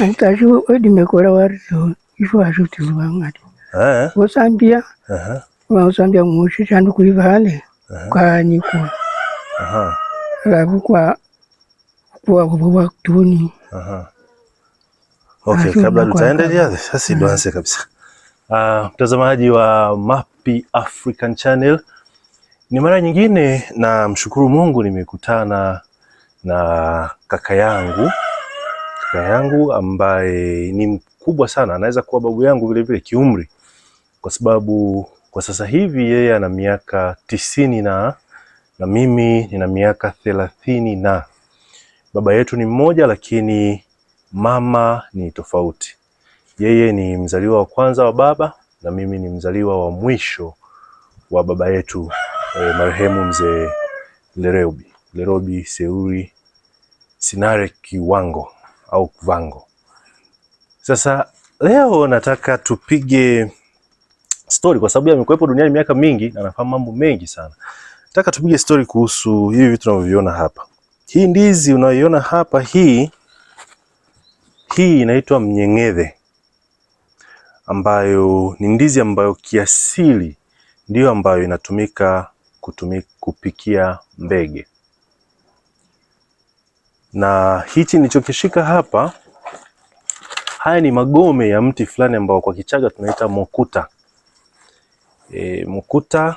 ताजी ओदिमे कोरावार ifo usambia wangati mushi kuivale kwa kwa tuni okay kabla sasa kabisa ah, mtazamaji wa Mapi African Channel ni mara nyingine na mshukuru Mungu nimekutana na kaka yangu kaka yangu ambaye ni mkubwa sana, anaweza kuwa babu yangu vile vile kiumri, kwa sababu kwa sasa hivi yeye ana miaka tisini na na mimi nina miaka thelathini na baba yetu ni mmoja, lakini mama ni tofauti. Yeye ni mzaliwa wa kwanza wa baba na mimi ni mzaliwa wa mwisho wa baba yetu eh, marehemu mzee Lerobi Lerobi Seuri Sinare Kiwango au kuvango. Sasa leo nataka tupige stori, kwa sababu amekuwepo duniani miaka mingi na anafahamu mambo mengi sana. Nataka tupige stori kuhusu hivi vitu tunavyoviona hapa. Hii ndizi unayoiona hapa hii hii inaitwa mnyeng'edhe, ambayo ni ndizi ambayo kiasili ndiyo ambayo inatumika kutumika kupikia mbege na hichi nilichokishika hapa, haya ni magome ya mti fulani ambao kwa Kichaga tunaita mokuta. E, mokuta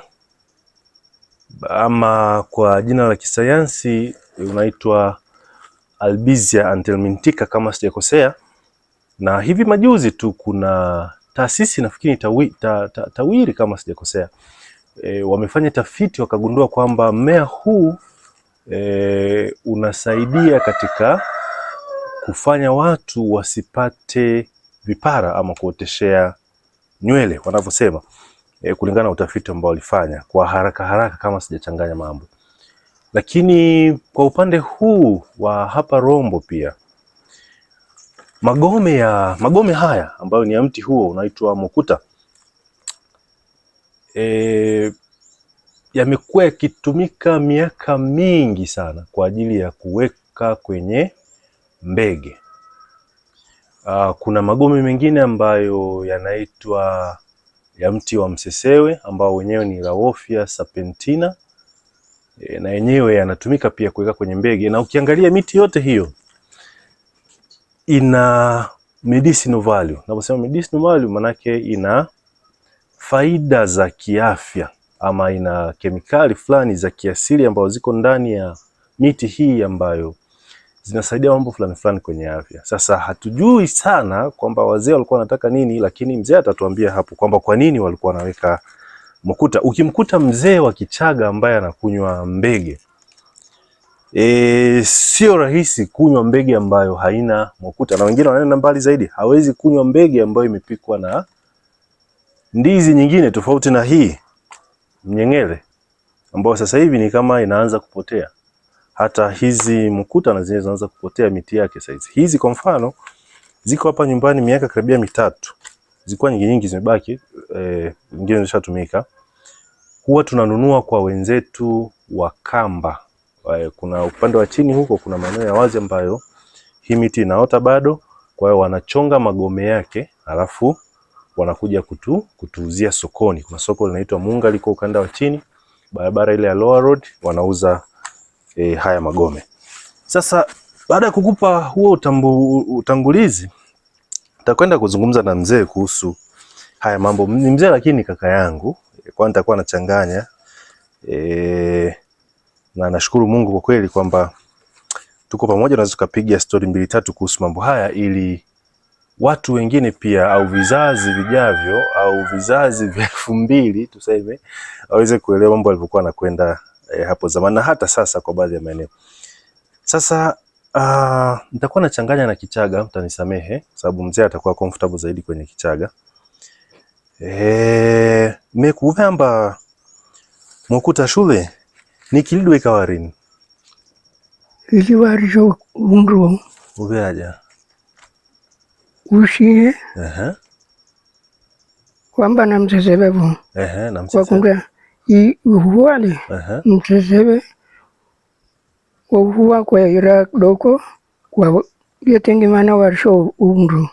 ama kwa jina la kisayansi unaitwa Albizia antelmintica kama sijakosea. Na hivi majuzi tu kuna taasisi nafikiri tawi, ta, ta, Tawiri kama sijakosea, e, wamefanya tafiti wakagundua kwamba mmea huu e, unasaidia katika kufanya watu wasipate vipara ama kuoteshea nywele wanavyosema, e, kulingana na utafiti ambao walifanya kwa haraka haraka, kama sijachanganya mambo. Lakini kwa upande huu wa hapa Rombo pia magome ya magome haya ambayo ni ya mti huo unaitwa mokuta e, yamekuwa yakitumika miaka mingi sana kwa ajili ya kuweka kwenye mbege. Uh, kuna magome mengine ambayo yanaitwa ya mti wa msesewe ambao wenyewe ni laofia serpentina e, na yenyewe yanatumika pia kuweka kwenye mbege, na ukiangalia miti yote hiyo ina medicinal value. Naposema medicinal value, manake ina faida za kiafya ama ina kemikali fulani za kiasili ambazo ziko ndani ya miti hii ambayo zinasaidia mambo fulani fulani kwenye afya. Sasa hatujui sana kwamba wazee walikuwa wanataka nini, lakini mzee atatuambia hapo kwamba kwa nini walikuwa wanaweka mkuta. Ukimkuta mzee wa Kichaga ambaye anakunywa mbege E, sio rahisi kunywa mbege ambayo haina mkuta, na wengine wanaenda mbali zaidi, hawezi kunywa mbege ambayo imepikwa na ndizi nyingine tofauti na hii mnyeng'ere ambayo sasa hivi ni kama inaanza kupotea. Hata hizi mkuta na zile zinaanza kupotea miti yake saizi. Hizi kwa mfano ziko hapa nyumbani miaka karibia mitatu, zilikuwa nyingi nyingi zimebaki, eh, nyingine Huwa tunanunua kwa wenzetu wa Kamba. Eh, kuna upande wa chini huko kuna maeneo ya wazi ambayo hii miti inaota bado, kwa hiyo wanachonga magome yake alafu wanakuja kutu, kutuuzia sokoni. Kuna soko linaitwa Munga liko ukanda wa chini, barabara ile ya Lower Road, wanauza e, haya magome. Sasa baada ya kukupa huo utambu, utangulizi nitakwenda kuzungumza na mzee kuhusu haya mambo. Ni mzee lakini kaka yangu, kwa nitakuwa nachanganya e, na nashukuru Mungu kwa kweli kwamba tuko pamoja, naweza tukapiga stori mbili tatu kuhusu mambo haya ili watu wengine pia au vizazi vijavyo au vizazi vya elfu mbili tuseme, waweze kuelewa mambo yalivyokuwa nakwenda eh, hapo zamani na hata sasa kwa baadhi ya maeneo. Sasa uh, nitakuwa nachanganya na Kichaga, mtanisamehe, sababu mzee atakuwa comfortable zaidi kwenye Kichaga. Eh, mekuvamba mwakuta shule nikilidwe ikawarini iliwarijo unduo uveaja ushie uh kwamba na mseseve vo wakunda -huh. kwakunga ihuwale uh -huh. mseseve wahuwa kwa ira doko kwa vyatengemana warsho undu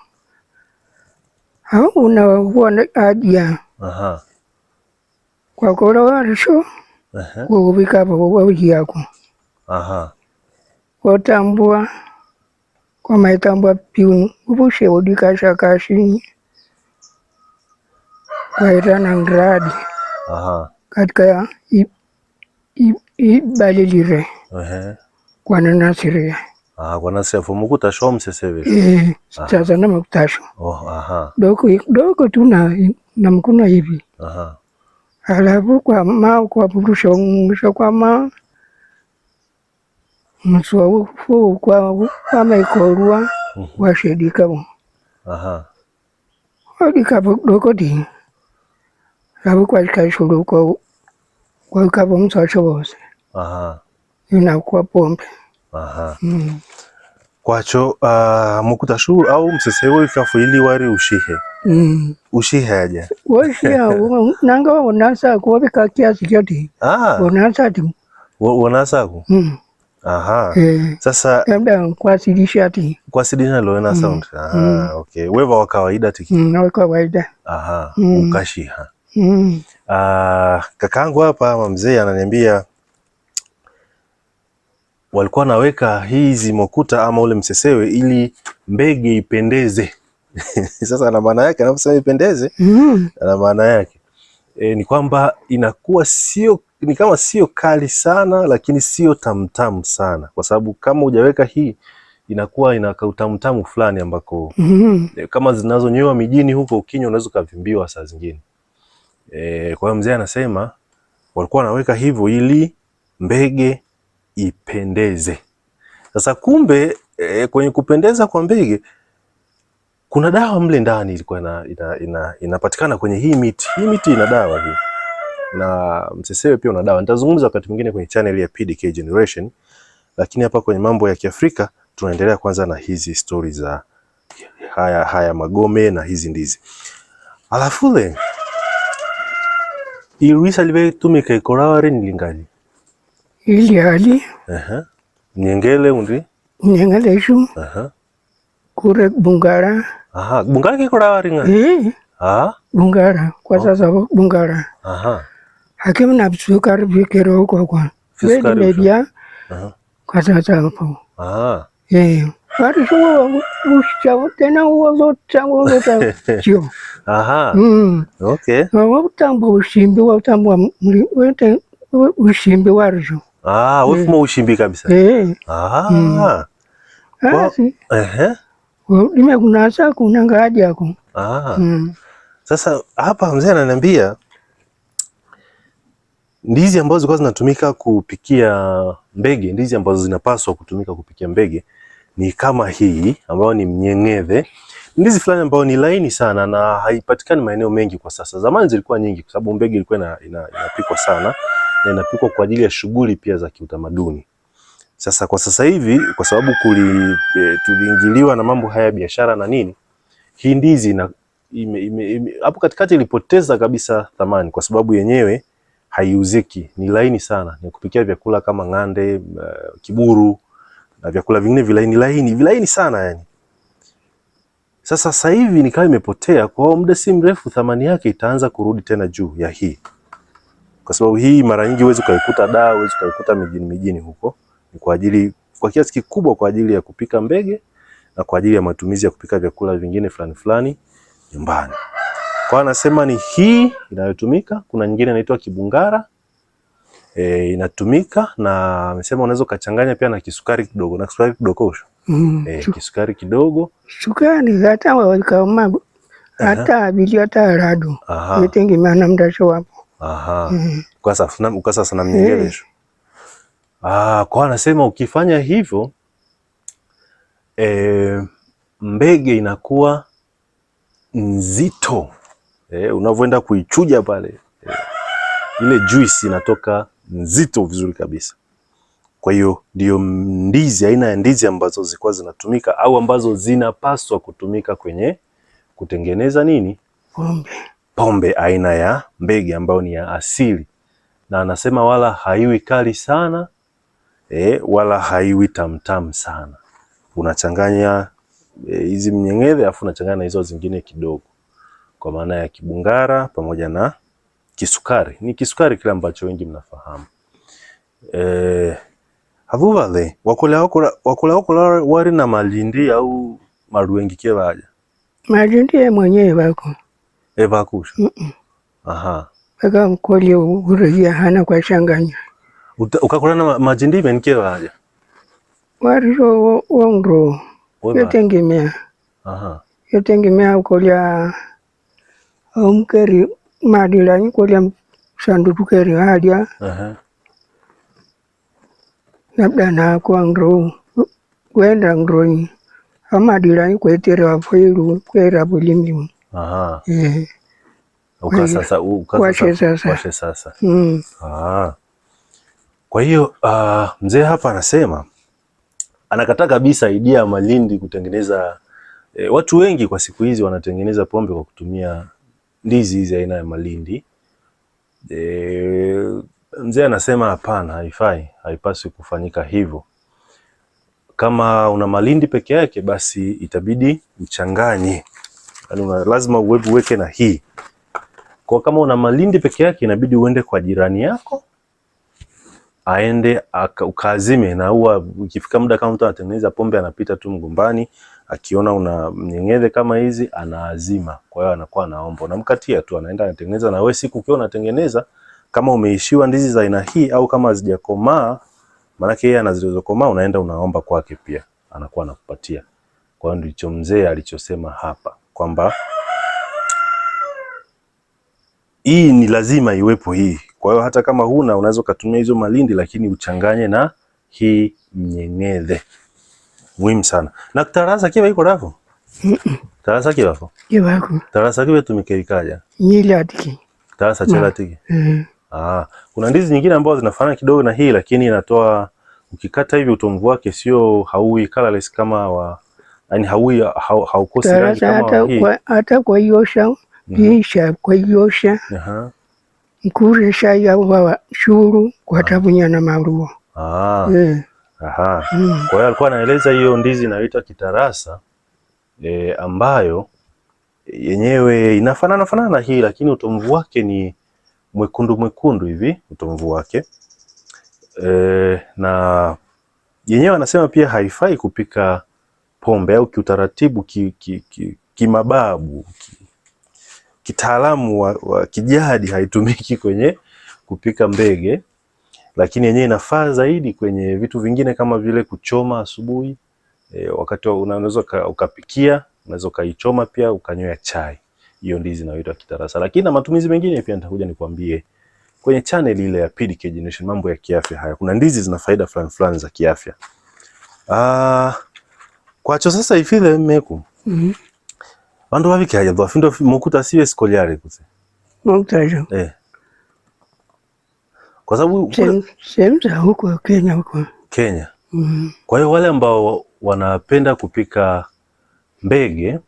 ha unahuwa ajia uh kwa kora warsho kwa -huh. wauvikapo wauhiako uh -huh. watambua ममाई तांबा पिऊन uposhewudi kasha kashinyi kwaita na ngradi katika ibalilire kwana nasiria kwanasiria fomu kutasha omsesevi na sasa namakutasha oh, doko, doko tu namkuna hivi alafu kwa kwavurusha ungusha kwama musuwawu mhm. kwa wamaikorwa washedikavo odikavo dokoti lavo kwalikaishulu kwaikavo msasho wose inakwa pombe mm. kwacho uh, mukutashu au msesewo ili wari ushihe mm. aja woshia nanga wonasaku kuovika kiasi kyoti ah. wonasa ku mm. Aha. Eh, sasa labda kuwasilisha ati kuwasilisha na mm. Sound. Mm. Aha, mm. Okay. Wewe wa kawaida tiki. Mm, wa kawaida. Aha, mm. Ukashiha. Mm. Ah, kakaangu hapa ama mzee ananiambia walikuwa naweka hizi mokuta ama ule msesewe ili mbege ipendeze. Sasa na maana yake anaposema ipendeze, mm. na maana yake e, ni kwamba inakuwa sio ni kama sio kali sana, lakini sio tamtamu sana, kwa sababu kama hujaweka hii inakuwa ina kautamtamu fulani ambako mm -hmm. kama zinazonywewa mijini huko ukinywa unaweza ukavimbiwa saa zingine e. Kwa hiyo mzee anasema walikuwa wanaweka hivyo ili mbege ipendeze. Sasa kumbe e, kwenye kupendeza kwa mbege kuna dawa mle ndani ilikuwa inapatikana ina, ina, ina kwenye hii miti. Hii miti ina dawa hii, na msesewe pia una dawa. Nitazungumza wakati mwingine kwenye channel ya PDK Generation, lakini hapa kwenye mambo ya Kiafrika tunaendelea kwanza na hizi stories za haya, haya magome na hizi ndizi. Alafu le irwisa livetumika ikolawari nilingani iliali uh-huh. nyengele undi nyengele shu uh-huh. kure bungara bungarake kudavaringa eh. bungara kwa oh. sasa bungara hakimu na fisukari vikero huko kwa vedi media kwa sasa hapo vari eh. zvousha tena vototambavakutamba mm. ushimbi vakutambwa ushimbi warizvo ah, wefuma eh. ushimbi kabisa mm. asi udime kuna kunanga haja yako. Ah. Mm. Sasa hapa mzee ananiambia ndizi ambazo zilikuwa zinatumika kupikia mbege, ndizi ambazo zinapaswa kutumika kupikia mbege ni kama hii ambayo ni mnyeng'eve, ndizi fulani ambayo ni laini sana na haipatikani maeneo mengi kwa sasa. Zamani zilikuwa nyingi, kwa sababu mbege ilikuwa inapikwa ina, ina sana na inapikwa kwa ajili ya shughuli pia za kiutamaduni. Sasa kwa sasa hivi kwa sababu kuli e, tuliingiliwa na mambo haya biashara na nini, hii ndizi na ime, ime, ime, hapo katikati ilipoteza kabisa thamani, kwa sababu yenyewe haiuziki, ni laini sana, ni kupikia vyakula kama ng'ande, uh, kiburu na vyakula vingine vilaini laini vilaini sana yani. Sasa sasa hivi nikawa imepotea kwa muda si mrefu, thamani yake itaanza kurudi tena juu ya hii, kwa sababu hii mara nyingi huwezi ukaikuta daa, huwezi ukaikuta mijini mijini huko ni kwa ajili kwa kiasi kikubwa kwa ajili ya kupika mbege na kwa ajili ya matumizi ya kupika vyakula vingine fulani fulani nyumbani. Kwa anasema ni hii inayotumika. Kuna nyingine inaitwa kibungara e, inatumika na amesema unaweza ukachanganya pia na kisukari kidogo na kisukari kidogo mm, e, kisukari kidogo sukari hata wakama hata abiria hata rado yetengemea na mdasho wapo. Aha. Mm. Kwa sasa na mkasa sana mnyingelesho. Eh. Ah, kwa anasema ukifanya hivyo e, mbege inakuwa nzito e, unavyoenda kuichuja pale e, ile juisi inatoka nzito vizuri kabisa. Kwa hiyo ndiyo ndizi, aina ya ndizi ambazo zilikuwa zinatumika au ambazo zinapaswa kutumika kwenye kutengeneza nini, pombe, pombe aina ya mbege ambayo ni ya asili, na anasema wala haiwi kali sana e, wala haiwi tamtam sana. Unachanganya eh, hizi e, mnyeng'edhe afu unachanganya na hizo zingine kidogo, kwa maana ya kibungara pamoja na kisukari. Ni kisukari kile ambacho wengi mnafahamu e, eh, havuvale wakula wakula wari na malindi au maruengikie waja malindi ye mwenyewe vako evakusha mm -mm. aha vaka mkolie ureia hana kwa changanya ukakorana majindime nikewaja wariro womro yotengemea yotengemea ukolya omkeri um, madilanyi kolya msandu tukeri halya labda nakwa ngro wenda ngronyi amadilanyi kwetere wafoilu kwera vulimimu washe sasa mm. Kwa hiyo uh, mzee hapa anasema anakataa kabisa idea ya Malindi kutengeneza e, watu wengi kwa siku hizi wanatengeneza pombe kwa kutumia ndizi hizi aina ya Malindi. E, mzee anasema hapana, haifai, haipaswi kufanyika hivyo. Kama una Malindi peke yake, basi itabidi uchanganye, yaani lazima uweke na hii. Kwa kama una Malindi peke yake, inabidi uende kwa jirani yako aende ukazime, na huwa ukifika muda kama mtu anatengeneza pombe anapita tu mgombani, akiona una nyeng'edhe kama hizi anaazima. Kwa hiyo anakuwa anaomba, unamkatia tu, anaenda anatengeneza. Na wewe siku ukiwa unatengeneza, kama umeishiwa ndizi za aina hii au kama hazijakomaa, maanake yeye ana zilizokomaa, unaenda unaomba kwake, pia anakuwa anakupatia. Kwa hiyo ndicho mzee alichosema hapa kwamba hii ni lazima iwepo hii kwa hiyo hata kama huna unaweza ukatumia hizo malindi, lakini uchanganye na hii mnyeng'edhe. Muhimu sana. Na tarasa kiwa iko rafu? Mm -mm. Tarasa kiwa rafo? Iwako. Tarasa kiwa tumike ikaja? Nyili atiki. Tarasa chela atiki? Mm. Mm-hmm. Ah, kuna ndizi nyingine ambazo zinafanana kidogo na hii lakini inatoa ukikata hivi utomvu wake sio haui colorless kama wa yani haui haukosi rangi kama hii. Hata kwa hata kwa hiyo sha, mm -hmm. kwa hiyo sha. Aha. Nkuru ishaiauawa shuru kwa tabunya ah. na maruo. Ah. Eh. Aha. Mm. Kwa hiyo alikuwa anaeleza hiyo ndizi inayoitwa kitarasa e, ambayo yenyewe inafanana fanana na hii lakini utomvu wake ni mwekundu mwekundu hivi utomvu wake e, na yenyewe anasema pia haifai kupika pombe au kiutaratibu kimababu ki, ki, ki kitaalamu wa, wa kijadi haitumiki kwenye kupika mbege, lakini yenyewe inafaa zaidi kwenye vitu vingine kama vile kuchoma asubuhi e, wakati unaweza ukapikia, unaweza ukaichoma pia ukanywea chai. Hiyo ndizi inayoitwa kitarasa, lakini na matumizi mengine pia nitakuja nikwambie kwenye channel ile ya PDK Generation, mambo ya kiafya haya. Kuna ndizi zina faida fulani fulani za kiafya. Ah, kwa kwacho sasa ifile mmeku. Mm -hmm vandu vavikaja dhoa findo mukuta siwe sikoli kuse kutse mukutaja eh kwa sababu sehemu za huko Kenya huko Kenya mm. Kwa hiyo wale ambao wanapenda kupika mbege,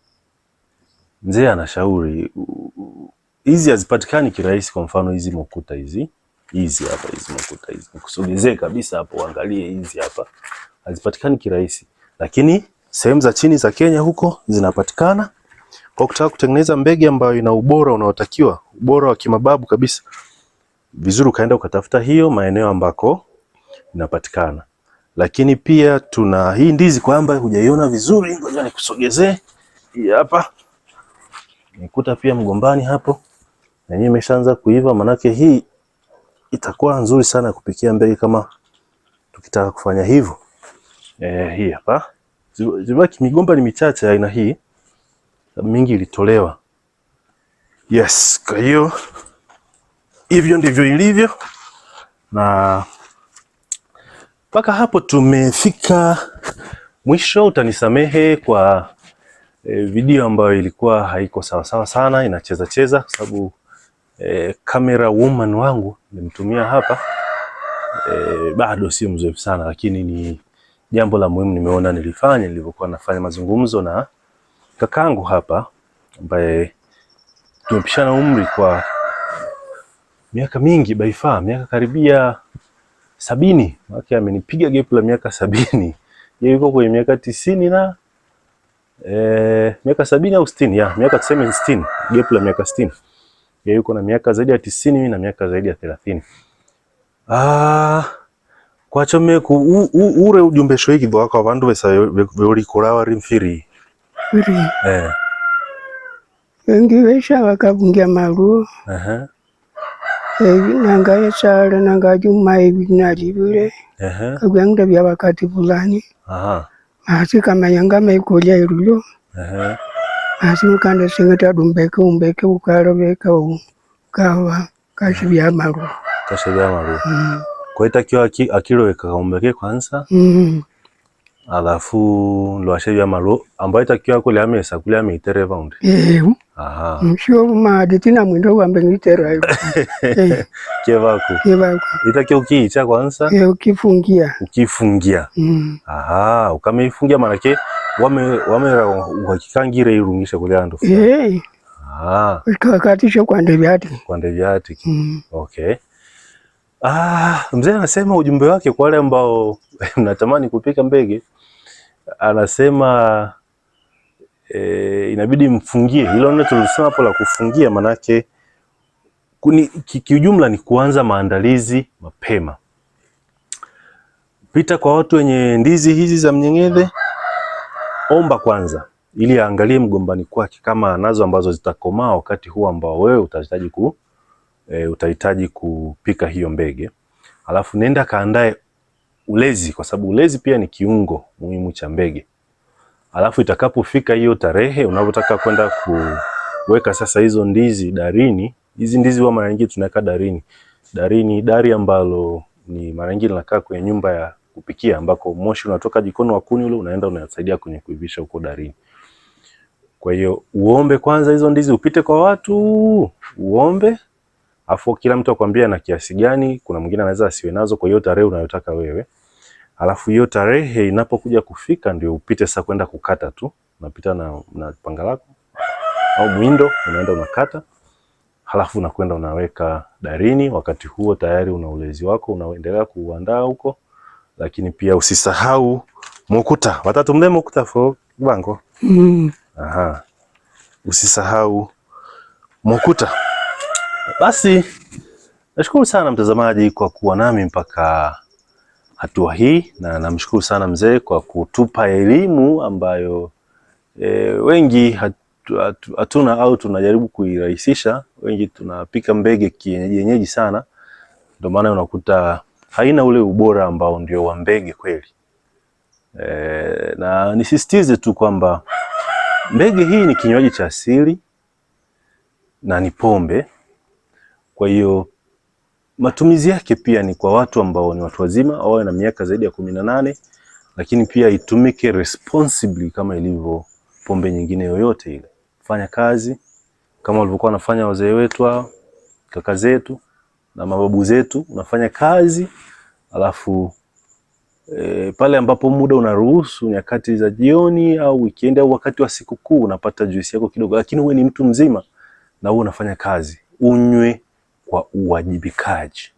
mzee anashauri hizi hazipatikani kirahisi. Kwa mfano hizi mokuta hizi hizi hapa hizi mokuta hizi nikusogezee kabisa hapo, uangalie hizi hapa hazipatikani kirahisi, lakini sehemu za chini za Kenya huko zinapatikana. Kwa kutaka kutengeneza mbege ambayo ina ubora unaotakiwa, ubora wa kimababu kabisa, vizuri ukaenda ukatafuta hiyo maeneo ambako inapatikana. Lakini pia tuna hii ndizi, kwamba hujaiona vizuri, ngoja nikusogezee hii hapa. Nikuta pia mgombani hapo yenyewe imeshaanza kuiva, manake hii itakuwa nzuri sana kupikia mbege kama tukitaka kufanya hivyo. Eh, hii hapa zibaki migomba ni michache aina hii mingi ilitolewa. Yes, kwa hiyo hivyo ndivyo ilivyo, na mpaka hapo tumefika mwisho. Utanisamehe kwa e, video ambayo ilikuwa haiko sawasawa sana, inacheza cheza kwa sababu e, camera woman wangu nimtumia hapa e, bado sio mzoefu sana, lakini ni jambo la muhimu nimeona nilifanya nilivyokuwa nafanya mazungumzo na Kakangu hapa ambaye tumepishana umri kwa miaka mingi by far, miaka karibia sabini, maana amenipiga gepu la miaka sabini. Yeye yuko kwenye miaka tisini na e, miaka sabini au sitini ya miaka tuseme sitini, gepu la miaka sitini. Yeye yuko na miaka zaidi ya tisini na miaka zaidi ya thelathini. Ah, kwacho meku ure shoiki iki kwa vandu vesa veulikulawa rimfiri Buri eh, wengi wesha wakagungia maruo aha ebi nanga yesala nanga juma ebi uh-huh. kagwangda bya wakati fulani uh-huh. masi kama yanga mekulya uh-huh. masi mukanda singeta dumbeke umbeke ukalobeka ukawa kashi kashibya maruo kashibya maruo mm. kwa itakiwa akiloweka kaumbeke kwanza mm alafu lwasha malo ambayo itakiwa kule amesa kule ameitere vaundi eh aha msho maditina mwindo wambe ngitera eh. kevaku kevaku itakiwa ukiicha kwanza eh, ukifungia ukifungia mm. aha ukameifungia ke wame wamera uhakikangire irungisha kule andu eh. aha ikakatisha kwa ati kwa ati mm. okay Ah, mzee anasema ujumbe wake kwa wale ambao mnatamani kupika mbege, anasema e, inabidi mfungie hilo neno tulisema hapo la kufungia, manake kiujumla ni kuanza maandalizi mapema. Pita kwa watu wenye ndizi hizi za mnyeng'edhe, omba kwanza ili aangalie mgombani kwake kama anazo ambazo zitakomaa wakati huu ambao wewe utahitaji ku e, utahitaji kupika hiyo mbege, alafu nenda kaandae ulezi, kwa sababu ulezi pia ni kiungo muhimu cha mbege. Alafu itakapofika hiyo tarehe unavyotaka kwenda kuweka sasa hizo ndizi darini, hizi ndizi huwa mara nyingi tunaweka darini. Darini, dari ambalo ni mara nyingi linakaa kwenye nyumba ya kupikia ambako moshi unatoka jikoni wa kuni ule unaenda unasaidia kwenye kuivisha huko darini. Kwa hiyo uombe kwanza hizo ndizi, upite kwa watu uombe, Afu kila mtu akwambia na kiasi gani, kuna mwingine anaweza asiwe nazo kwa hiyo tarehe unayotaka wewe. Alafu hiyo tarehe inapokuja kufika ndio upite sasa kwenda kukata tu. Unapita na, na panga lako au mwindo unaenda unakata. Halafu unakwenda unaweka darini, wakati huo tayari una ulezi wako unaendelea kuuandaa huko, lakini pia usisahau mukuta. Watatu mle mukuta fo bango. Mm. Aha. Usisahau mukuta. Basi nashukuru sana mtazamaji kwa kuwa nami mpaka hatua hii, na namshukuru sana mzee kwa kutupa elimu ambayo e, wengi hatuna au tunajaribu kuirahisisha. Wengi tunapika mbege kienyeji sana, ndio maana unakuta haina ule ubora ambao ndio wa mbege kweli. E, na nisisitize tu kwamba mbege hii ni kinywaji cha asili na ni pombe kwa hiyo matumizi yake pia ni kwa watu ambao ni watu wazima wawe na miaka zaidi ya kumi na nane, lakini pia itumike responsibly kama ilivyo pombe nyingine yoyote ile. Fanya kazi kama walivyokuwa wanafanya wazee wetu hao, kaka zetu na mababu zetu. Unafanya kazi alafu e, pale ambapo muda unaruhusu, nyakati za jioni au weekend au wakati wa sikukuu, unapata juisi yako kidogo, lakini uwe ni mtu mzima na uwe unafanya kazi, unywe kwa uwajibikaji.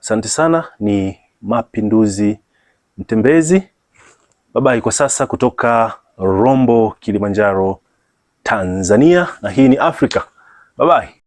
Asante sana, ni Mapinduzi Mtembezi. Babai kwa sasa kutoka Rombo, Kilimanjaro, Tanzania, na hii ni Afrika. Babai.